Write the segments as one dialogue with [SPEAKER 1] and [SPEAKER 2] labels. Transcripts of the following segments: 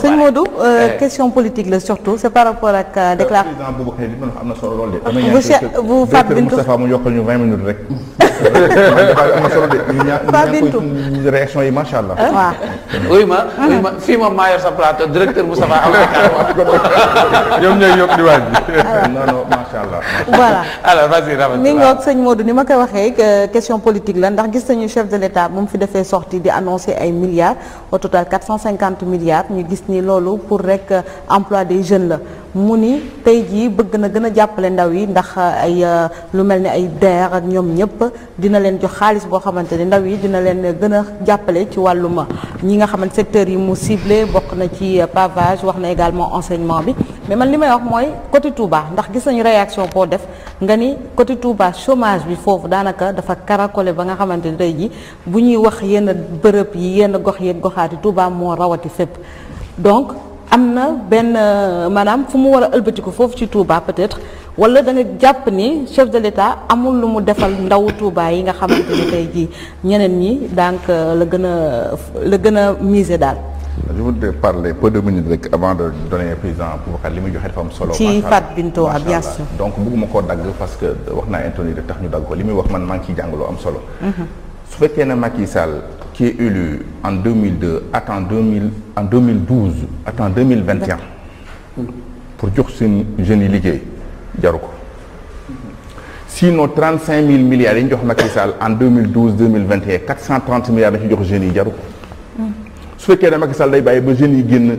[SPEAKER 1] C'est une euh, eh. question
[SPEAKER 2] politique surtout c'est par rapport euh, la déclaration.
[SPEAKER 1] am yi macha allah.
[SPEAKER 2] waaw. Ah. Ah.
[SPEAKER 1] moom sa plateau directeur Moustapha am na ñoom ñooy yokk di waaj.
[SPEAKER 2] non ni ma koy waxee question politique la ndax gis nañu chef de l'État moom fi defee sortie di annoncer ay milliards au total 450 milliards ñu gis ni loolu pour rek euh, emploi des jeunes la. mu ni tey jii bëgg na gën a jàppale ndaw yi ndax uh, ay uh, lu mel ni ay DER ak ñoom ñëpp dina leen jox xaalis boo xamante ni ndaw yi dina leen gën a jàppale ci wàllu ma ñi nga xamante secteur yi mu ciblé bokk na ci pavage wax na également enseignement bi mais man li may wax mooy côté Touba ndax gis nañu réaction boo def nga ni côté Touba chômage bi foofu daanaka dafa karakolé ba nga xamante ni tey jii bu ñuy wax yenn bërëb yi yenn gox yeeg goxaati Touba moo rawati fépp donc amna ben euh, madame, maanaam fu mu war a ëlbatiku ci Touba peut-être wala da nga japp ni chef de l'État amul lu mu defal ndaw Touba yi nga xamanteni ni ji ñeneen ñi donc euh, le gën le la gën a miser daal. je voudrais
[SPEAKER 1] parler peu de minutes rek avant de donner président pour li muy joxe fam am solo. ci Fatou
[SPEAKER 2] Bintou waaw bien
[SPEAKER 1] sûr donc bëgguma ko dag parce que waxna naa de tax ñu dag ko limi wax man maa ngi am solo. Mhm. su fekkee ne Macky Sall qui est élu en 2002, attend 2000, en 2012, attend 2021 pour jox Jenny jeunes yi liggéey sinon 35 000 milliards yi jox en 2012 2021 430 milliards dafa jox jeunes yi ce ko hmm. su fekkee ne Macky Sall day bàyyi ba jeunes yi génn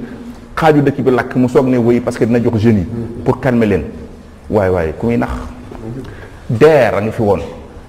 [SPEAKER 1] xaaju dëkk bi lakk mu parce que dina jox jeunes pour calmer les waaye waaye ku muy nax
[SPEAKER 2] hmm.
[SPEAKER 1] deer a fi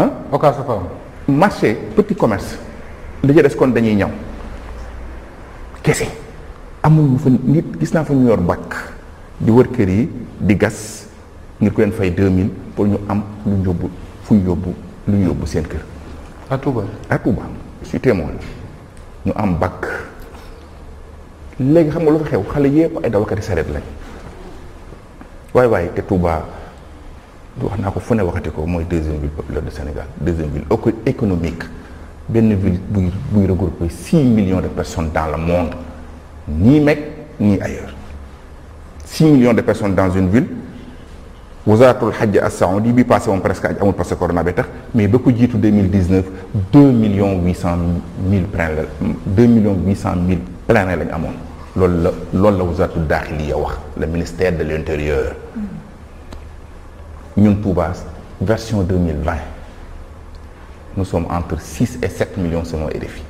[SPEAKER 1] ah occas fa am marché petit commerce li ci des kon dañuy ñaw kese amuñu fa nit gis naa fa ñu yor bakk di wër kër yi di gas ngir ko leen fay 2000 pour ñu am lu ñu yóbbu fu ñu yóbbu lu ñu yóbbu seen kër. à Touba à Touba su témoin ñu am bakk léegi xam nga lu fa xew xale yépp ay dawakati sareet lañ waay waay te Touba. Nous avons fait fu waxati ko deuxième ville populaire de Sénégal deuxième ville économique benn ville buy buy 6 millions de personnes dans le monde ni mec ni ailleurs 6 millions de personnes dans une ville Vous avez fait le saoudi bi passé on presque aj amul parce que corona bi tax mais beaucoup dit jiitu 2019 deux millions huit cent mille plein la deux millions huit cent mille plein la lañ amoon loolu vous wax le ministère de l'intérieur. Nous sommes version 2020. Nous sommes entre 6 et 7 millions selon RFI.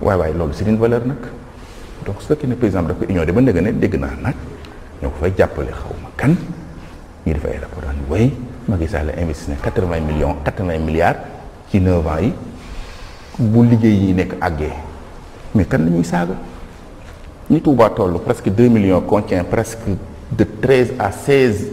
[SPEAKER 1] Oui, oui, c'est une valeur. Donc, ce qui est président de l'Union, c'est que nous avons dit que nous avons dit que nous avons dit que nous avons dit que nous avons dit que investir 80 millions, 80 milliards qui 9 ans. Vous l'avez dit que Mais quand nous avons dit que nous presque 2 millions contient presque de 13 à 16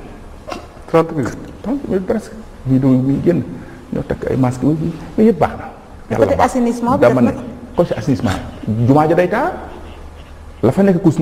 [SPEAKER 1] 30 minutes 30 minutes presque ñuy dugg ñuy génn ñoo takk ay masques mais yëpp baax na. yàlla baax
[SPEAKER 2] dama ne côté assainissement jumaa ja day taa la fa nekk